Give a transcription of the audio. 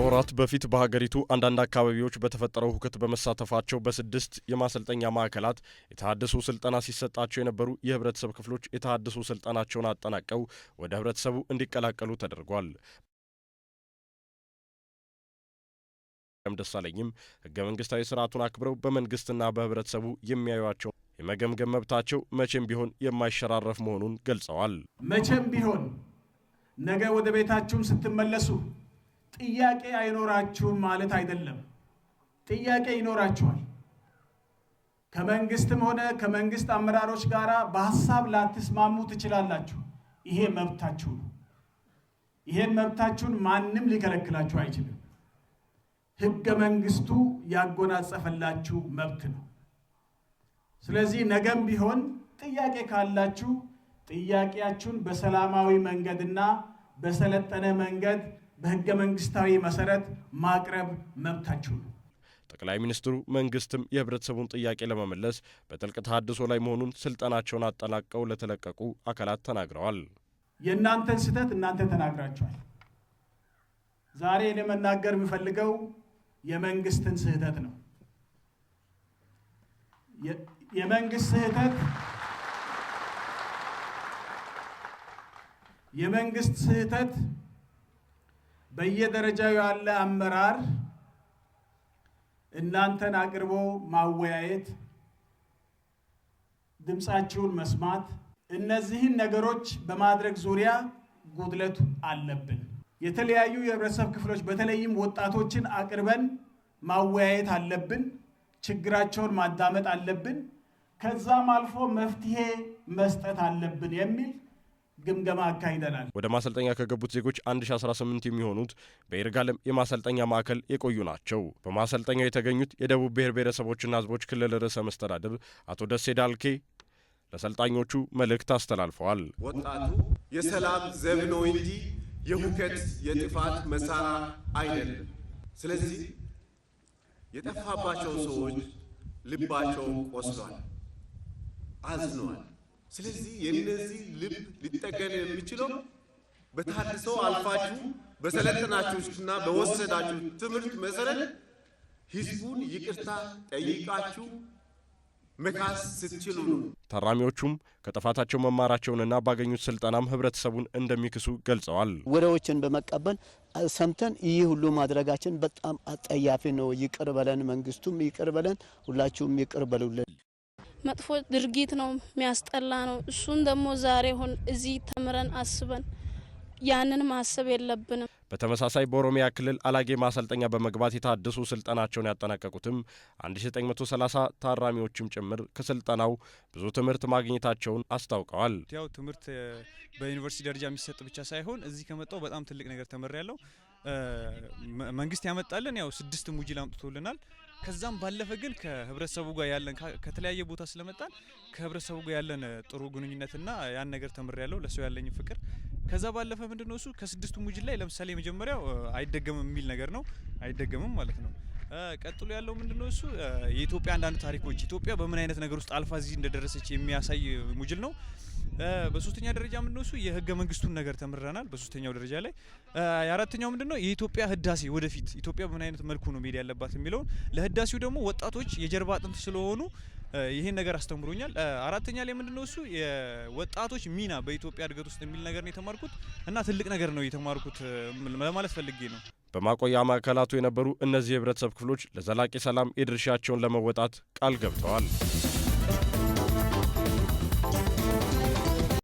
ከወራት በፊት በሀገሪቱ አንዳንድ አካባቢዎች በተፈጠረው ሁከት በመሳተፋቸው በስድስት የማሰልጠኛ ማዕከላት የተሃድሶ ስልጠና ሲሰጣቸው የነበሩ የህብረተሰብ ክፍሎች የተሃድሶ ስልጠናቸውን አጠናቀው ወደ ህብረተሰቡ እንዲቀላቀሉ ተደርጓል። ም ደሳለኝም ህገ መንግስታዊ ስርዓቱን አክብረው በመንግስትና በህብረተሰቡ የሚያዩቸው የመገምገም መብታቸው መቼም ቢሆን የማይሸራረፍ መሆኑን ገልጸዋል። መቼም ቢሆን ነገ ወደ ቤታችሁም ስትመለሱ ጥያቄ አይኖራችሁም ማለት አይደለም። ጥያቄ ይኖራችኋል። ከመንግስትም ሆነ ከመንግስት አመራሮች ጋር በሀሳብ ላትስማሙ ትችላላችሁ። ይሄ መብታችሁ ነው። ይሄን መብታችሁን ማንም ሊከለክላችሁ አይችልም። ህገ መንግስቱ ያጎናጸፈላችሁ መብት ነው። ስለዚህ ነገም ቢሆን ጥያቄ ካላችሁ ጥያቄያችሁን በሰላማዊ መንገድና በሰለጠነ መንገድ በህገ መንግስታዊ መሰረት ማቅረብ መብታችሁ ነው። ጠቅላይ ሚኒስትሩ መንግስትም የህብረተሰቡን ጥያቄ ለመመለስ በጥልቅ ተሃድሶ ላይ መሆኑን ስልጠናቸውን አጠናቀው ለተለቀቁ አካላት ተናግረዋል። የእናንተን ስህተት እናንተ ተናግራችኋል። ዛሬ ለመናገር የምፈልገው የመንግስትን ስህተት ነው። የመንግስት ስህተት የመንግስት ስህተት በየደረጃው ያለ አመራር እናንተን አቅርቦ ማወያየት፣ ድምፃችሁን መስማት፣ እነዚህን ነገሮች በማድረግ ዙሪያ ጉድለቱ አለብን። የተለያዩ የህብረተሰብ ክፍሎች በተለይም ወጣቶችን አቅርበን ማወያየት አለብን። ችግራቸውን ማዳመጥ አለብን። ከዛም አልፎ መፍትሄ መስጠት አለብን የሚል ግምገማ አካሂደናል። ወደ ማሰልጠኛ ከገቡት ዜጎች 1018 የሚሆኑት በይርጋለም የማሰልጠኛ ማዕከል የቆዩ ናቸው። በማሰልጠኛው የተገኙት የደቡብ ብሔር ብሔረሰቦችና ሕዝቦች ክልል ርዕሰ መስተዳድር አቶ ደሴ ዳልኬ ለሰልጣኞቹ መልእክት አስተላልፈዋል። ወጣቱ የሰላም ዘብ ነው እንጂ የሁከት የጥፋት መሳሪያ አይደለም። ስለዚህ የጠፋባቸው ሰዎች ልባቸው ቆስሏል፣ አዝነዋል። ስለዚህ የእነዚህ ልብ ሊጠገን የሚችለው በታድሶ አልፋችሁ በሰለጠናችሁና በወሰዳችሁ ትምህርት መሰረት ህዝቡን ይቅርታ ጠይቃችሁ መካስ ስትችሉ ነው። ታራሚዎቹም ከጥፋታቸው መማራቸውንና ባገኙት ስልጠናም ህብረተሰቡን እንደሚክሱ ገልጸዋል። ወሬዎችን በመቀበል ሰምተን ይህ ሁሉ ማድረጋችን በጣም አጠያፊ ነው፣ ይቅር በለን፣ መንግስቱም ይቅር በለን፣ ሁላችሁም ይቅር በሉልን። መጥፎ ድርጊት ነው፣ የሚያስጠላ ነው። እሱን ደግሞ ዛሬ ሆን እዚህ ተምረን አስበን ያንን ማሰብ የለብንም። በተመሳሳይ በኦሮሚያ ክልል አላጌ ማሰልጠኛ በመግባት የታደሱ ስልጠናቸውን ያጠናቀቁትም 1930 ታራሚዎችም ጭምር ከስልጠናው ብዙ ትምህርት ማግኘታቸውን አስታውቀዋል። ያው ትምህርት በዩኒቨርሲቲ ደረጃ የሚሰጥ ብቻ ሳይሆን እዚህ ከመጣው በጣም ትልቅ ነገር ተምሬ ያለው መንግስት ያመጣልን ያው ስድስት ሙጅል አምጥቶልናል። ከዛም ባለፈ ግን ከህብረተሰቡ ጋር ያለን ከተለያየ ቦታ ስለመጣን ከህብረተሰቡ ጋር ያለን ጥሩ ግንኙነትና ያን ነገር ተምር ያለው ለሰው ያለኝ ፍቅር ከዛ ባለፈ ምንድነው እሱ ከስድስቱ ሙጅል ላይ ለምሳሌ የመጀመሪያው አይደገምም የሚል ነገር ነው። አይደገምም ማለት ነው። ቀጥሎ ያለው ምንድነው እሱ የኢትዮጵያ አንዳንድ ታሪኮች ኢትዮጵያ በምን አይነት ነገር ውስጥ አልፋ እዚህ እንደደረሰች የሚያሳይ ሙጅል ነው። በሶስተኛ ደረጃ የምንወሱ የህገ መንግስቱን ነገር ተምረናል። በሶስተኛው ደረጃ ላይ አራተኛው ምንድን ነው የኢትዮጵያ ህዳሴ ወደፊት ኢትዮጵያ በምን አይነት መልኩ ነው መሄድ ያለባት የሚለውን ለህዳሴው ደግሞ ወጣቶች የጀርባ አጥንት ስለሆኑ ይህን ነገር አስተምሮኛል። አራተኛ ላይ ነው እሱ የወጣቶች ሚና በኢትዮጵያ እድገት ውስጥ የሚል ነገር ነው የተማርኩት እና ትልቅ ነገር ነው የተማርኩት ለማለት ፈልጌ ነው። በማቆያ ማዕከላቱ የነበሩ እነዚህ የህብረተሰብ ክፍሎች ለዘላቂ ሰላም የድርሻቸውን ለመወጣት ቃል ገብተዋል።